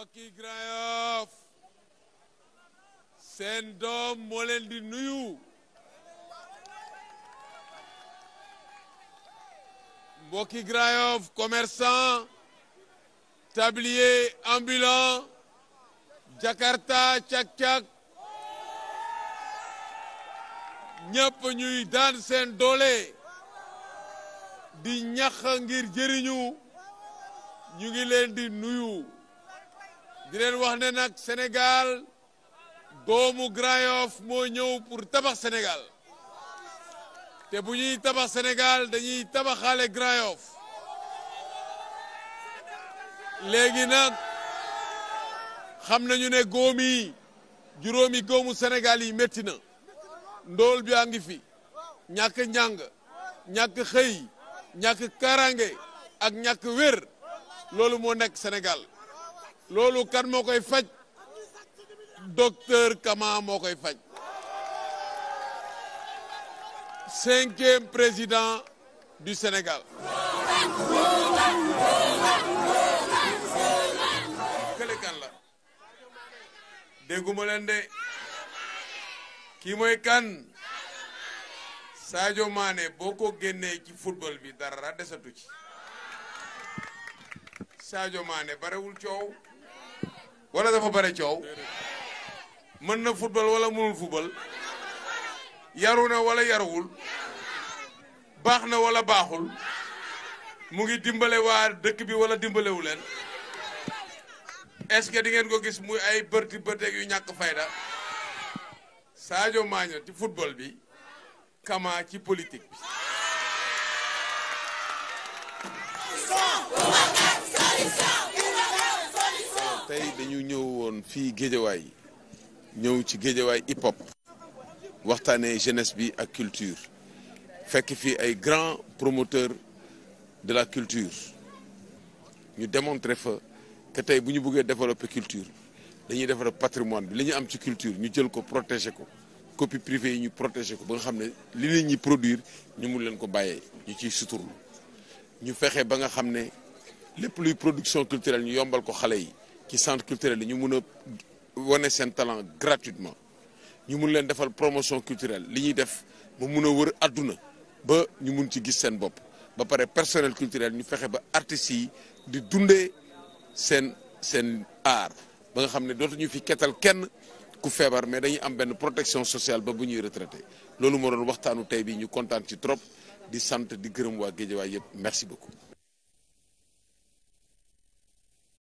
mbokki Grand Yoff seen doom moo leen di nuyu mbokki Grand Yoff commerçant tablier ambulant jakarta cak-cak ñëpp ñuy daan seen doole di ñax ngir jëriñu ñu ngi leen di nuyu di leen wax ne nag Sénégal doomu Grand Yoff moo ñëw pour tabax Sénégal te bu ñuy tabax Sénégal dañuy tabaxaale Grand Yoff léegi nag xam nañu ne góom yi juróomi góomu Sénégal yi métti na ndóol bi a ngi fi ñàkk njàng ñàkk xëy ñàkk kaaraange ak ñàkk wér loolu moo nekk Sénégal loolu kan moo koy faj docteur Kama moo koy faj cinquième président du Sénégal kële kan la dégguma leen de kii mooy kan saajo Mané boo ko génnee ci football bi dara desatu ci Sadio maane barewul coow wala dafa bare coow mën na football wala mënul football yaru na wala yaruwul baax na wala baaxul mu ngi dimbale waa dëkk bi wala dimbalewu leen que di ngeen ko gis muy ay bërti bërteeg yu ñàkk fayda Sadio Mané ci football bi Kama ci politik jógoon fii géejawaay ñëw ci géejawaay hip hop waxtaanee jeunesse bi ak culture fekk fii ay grands promoteurs de la culture ñu démontrer fa que tey bu ñu buggee développer culture dañuy defar patrimoine bi li ñu am ci culture ñu jël ko protéger ko copie privée yi ñu protéger ko ba nga xam ne li nit ñi produire ñu mun leen ko bàyyee ñu ciy suturlu ñu fexe ba nga xam ne lépp luy production culturel ñu yombal ko xale yi ci centre culturel yi ñu mun a wane seen talent gratuitement ñu mun leen defal promotion culturelle li ñuy def ba mun a wër àdduna ba ñu mun ci gis seen bopp ba pare personnel culturel ñu fexe ba artistes yi di dundee seen seen art ba nga xam ne dootuñu fi ketal kenn ku feebar mais dañuy am benn protection sociale ba bu ñuy retraité loolu moo doon waxtaanu tey bii ñu kontaan ci trop di sant di gërëm waa Guédiawaye yëpp merci beaucoup